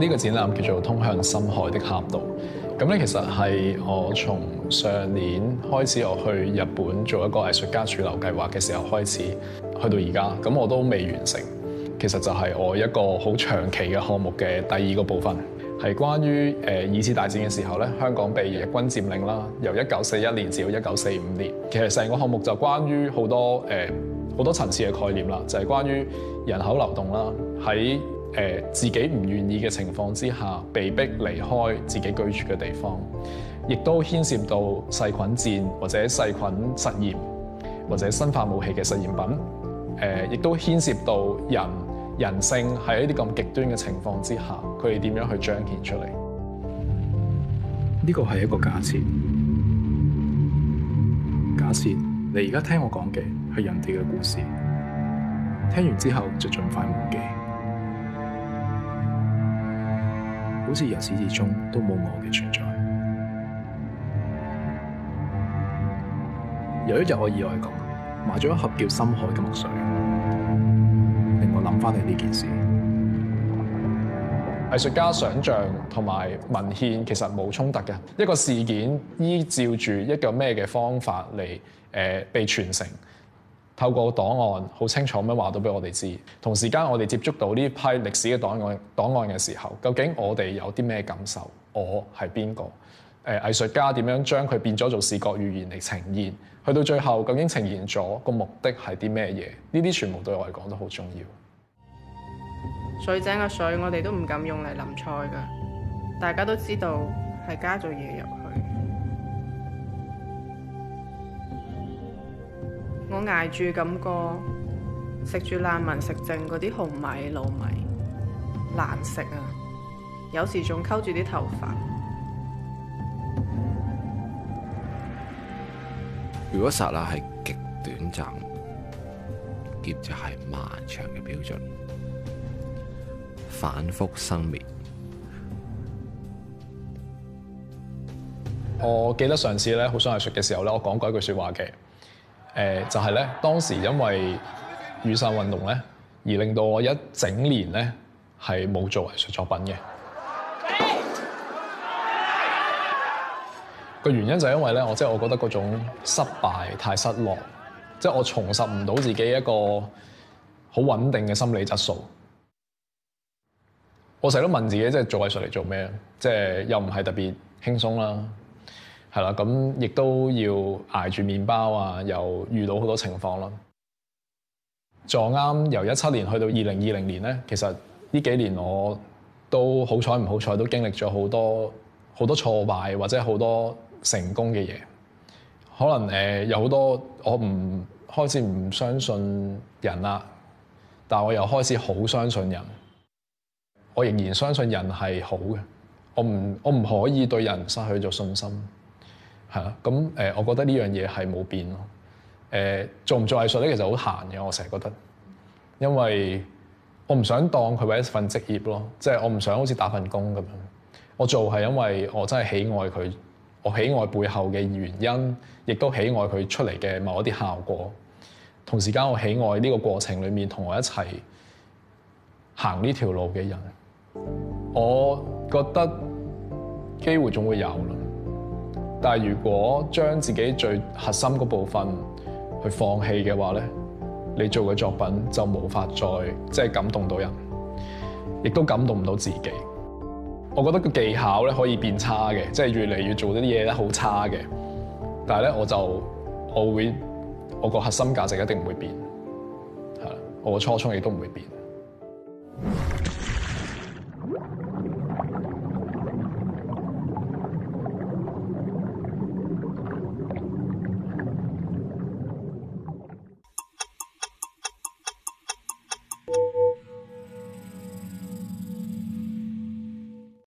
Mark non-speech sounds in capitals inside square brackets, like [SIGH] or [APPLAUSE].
呢個展覽叫做《通向深海的狹道》，咁咧其實係我從上年開始我去日本做一個藝術家駐留計劃嘅時候開始，去到而家，咁我都未完成。其實就係我一個好長期嘅項目嘅第二個部分，係關於誒二次大戰嘅時候咧，香港被日軍佔領啦，由一九四一年至到一九四五年。其實成個項目就關於好多誒好、呃、多層次嘅概念啦，就係、是、關於人口流動啦，喺，誒、呃、自己唔願意嘅情況之下，被迫離開自己居住嘅地方，亦都牽涉到細菌戰或者細菌實驗或者生化武器嘅實驗品。誒、呃，亦都牽涉到人人性喺一啲咁極端嘅情況之下，佢哋點樣去彰顯出嚟？呢個係一個假設，假設你而家聽我講嘅係人哋嘅故事，聽完之後就盡快忘記。好似由始至終都冇我嘅存在。有一日我意外講買咗一盒叫《深海》嘅墨水，令我諗翻起呢件事。藝術家想象同埋文獻其實冇衝突嘅，一個事件依照住一個咩嘅方法嚟，誒、呃、被傳承。透過檔案好清楚咁話到俾我哋知，同時間我哋接觸到呢批歷史嘅檔案檔案嘅時候，究竟我哋有啲咩感受？我係邊個？誒、呃、藝術家點樣將佢變咗做視覺語言嚟呈現？去到最後，究竟呈現咗個目的係啲咩嘢？呢啲全部對我嚟講都好重要。水井嘅、啊、水我哋都唔敢用嚟淋菜㗎，大家都知道係加咗嘢入。我捱住咁過，食住難民食剩嗰啲紅米、糯米，難食啊！有時仲溝住啲頭髮。如果剎那係極短暫，劫就係漫長嘅標準，反復生滅。 [NOISE] 我記得上次咧，好想藝術嘅時候咧，我講過一句說話嘅。誒就係咧，當時因為雨傘運動咧，而令到我一整年咧係冇做藝術作品嘅。個原因就係因為咧，我即係我覺得嗰種失敗太失落，即係我重拾唔到自己一個好穩定嘅心理質素。我成日都問自己，即係做藝術嚟做咩？即係又唔係特別輕鬆啦。係啦，咁亦都要挨住麵包啊，又遇到好多情況啦。撞啱由一七年去到二零二零年咧，其實呢幾年我都好彩唔好彩都經歷咗好多好多挫敗或者好多成功嘅嘢。可能誒、呃、有好多我唔開始唔相信人啦，但我又開始好相信人。我仍然相信人係好嘅。我唔我唔可以對人失去咗信心。係啊，咁誒，我覺得呢樣嘢係冇變咯。誒，做唔做藝術咧，其實好閒嘅，我成日覺得，因為我唔想當佢為一份職業咯，即係我唔想好似打份工咁樣。我做係因為我真係喜愛佢，我喜愛背後嘅原因，亦都喜愛佢出嚟嘅某一啲效果。同時間，我喜愛呢個過程裡面同我一齊行呢條路嘅人。我覺得機會總會有咯。但係如果將自己最核心嗰部分去放棄嘅話咧，你做嘅作品就無法再即係感動到人，亦都感動唔到自己。我覺得個技巧咧，可以變差嘅，即係越嚟越做啲嘢咧好差嘅。但係咧，我就我會我個核心價值一定唔會變，係我嘅初衷亦都唔會變。